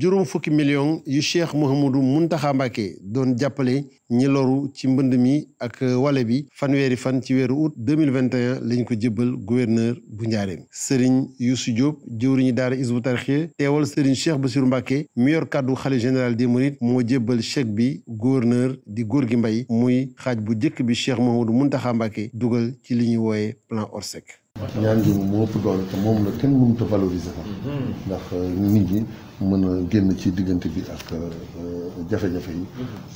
juróom fukki million yu cheikh Mouhamadou Mountakha Mbacké doon jàppale ñi loru ci mbënd mi ak wale bi fanweeri fan ci weeru août 2021 lañ ko jëbbal gouverneur bu njaareem Serigne Youssou Diop jëwriñu daara Hizbut Tarqiyyah teewal Serigne Cheikh Bassirou Mbacké mi yor kàddu xalifa général des mourides moo jébbal chèque bi gouverneur di góor gi mbay muy xaaj bu njëkk bi cheikh Mouhamadou Mountakha Mbacké dugal ci li ñuy wooye plan Orsec ñaan bi moom moo ëpp doole te moom la kenn mënut a valoriser ko mhm. ndax euh, nit ñi mën a génn ci diggante bi ak euh, euh, jafe-jafe yi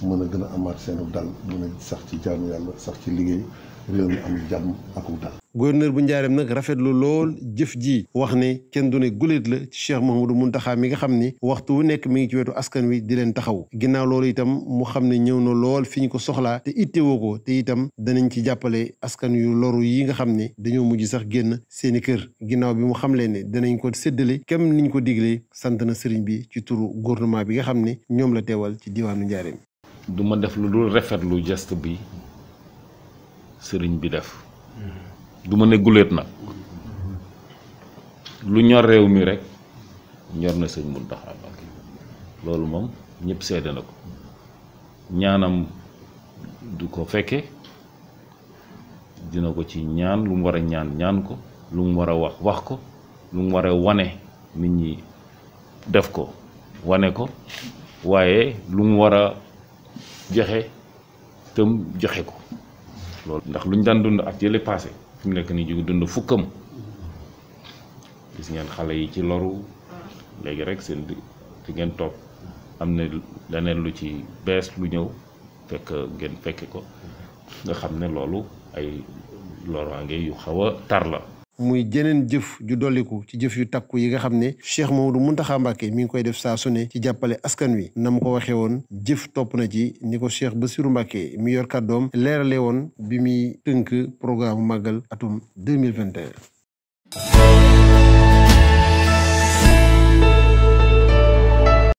mhm. mën a gën a amaat seenu dal mën a sax ci jaamu yàlla sax ci liggéey réew mi am jàmm aku dal gouverneur bu njaareem nag rafetlu lool jëf ji wax ne kenn du ne guléet la ci Cheikh Mouhamadou Mountakha mi nga xam ni waxtu wu nekk mi ngi ci wetu askan wi di leen taxaw ginnaaw loolu itam mu xam ne ñëw na lool fi ñu ko soxlaa te ittewoo ko te itam danañ ci jàppale askan yu loru yi nga xam ne dañoo mujj sax génn seeni kër ginnaaw bi mu xam leen ne danañ ko séddale kem niñ ko diglee sant na sëriñ bi ci turu gouvernement bi nga xam ne ñoom la teewal ci diwaanu njaareem duma def lu dul rafet rafetlu geste bi sëriñ bi def hmm. du ma ne guléet nag lu ñor réew mi rekk ñor na sëñ Muntaxa Mbàkke loolu moom ñëpp seede na ko ñaanam du ko fekke dina ko ci ñaan lu mu war a ñaan ñaan ko lu mu war a wax wax ko lu mu war a wane nit ñi def ko wane ko waaye lu mu war a joxe tëm joxe ko loolu ndax lu ñu daan dund ak yële passé mu nekk nii jóg dund fukkam gis ngeen xale yi ci loru léegi rek seen fi ngeen toog am na leneen lu ci bees lu ñëw fekk ngeen fekke ko nga xam ne loolu ay loraange yu xaw a tar la muy jeneen jëf ju dolliku ci jëf yu takku yi nga xam ne Cheikh Mamadou Muntaxa Mbàkke mi ngi koy def saa su ne ci jàppale askan wi na mu ko waxe woon jëf topp na ci ni ko Cheikh Bassirou Mbàkke mi yor doom leerale woon bi muy tënk programme màggal atum 2021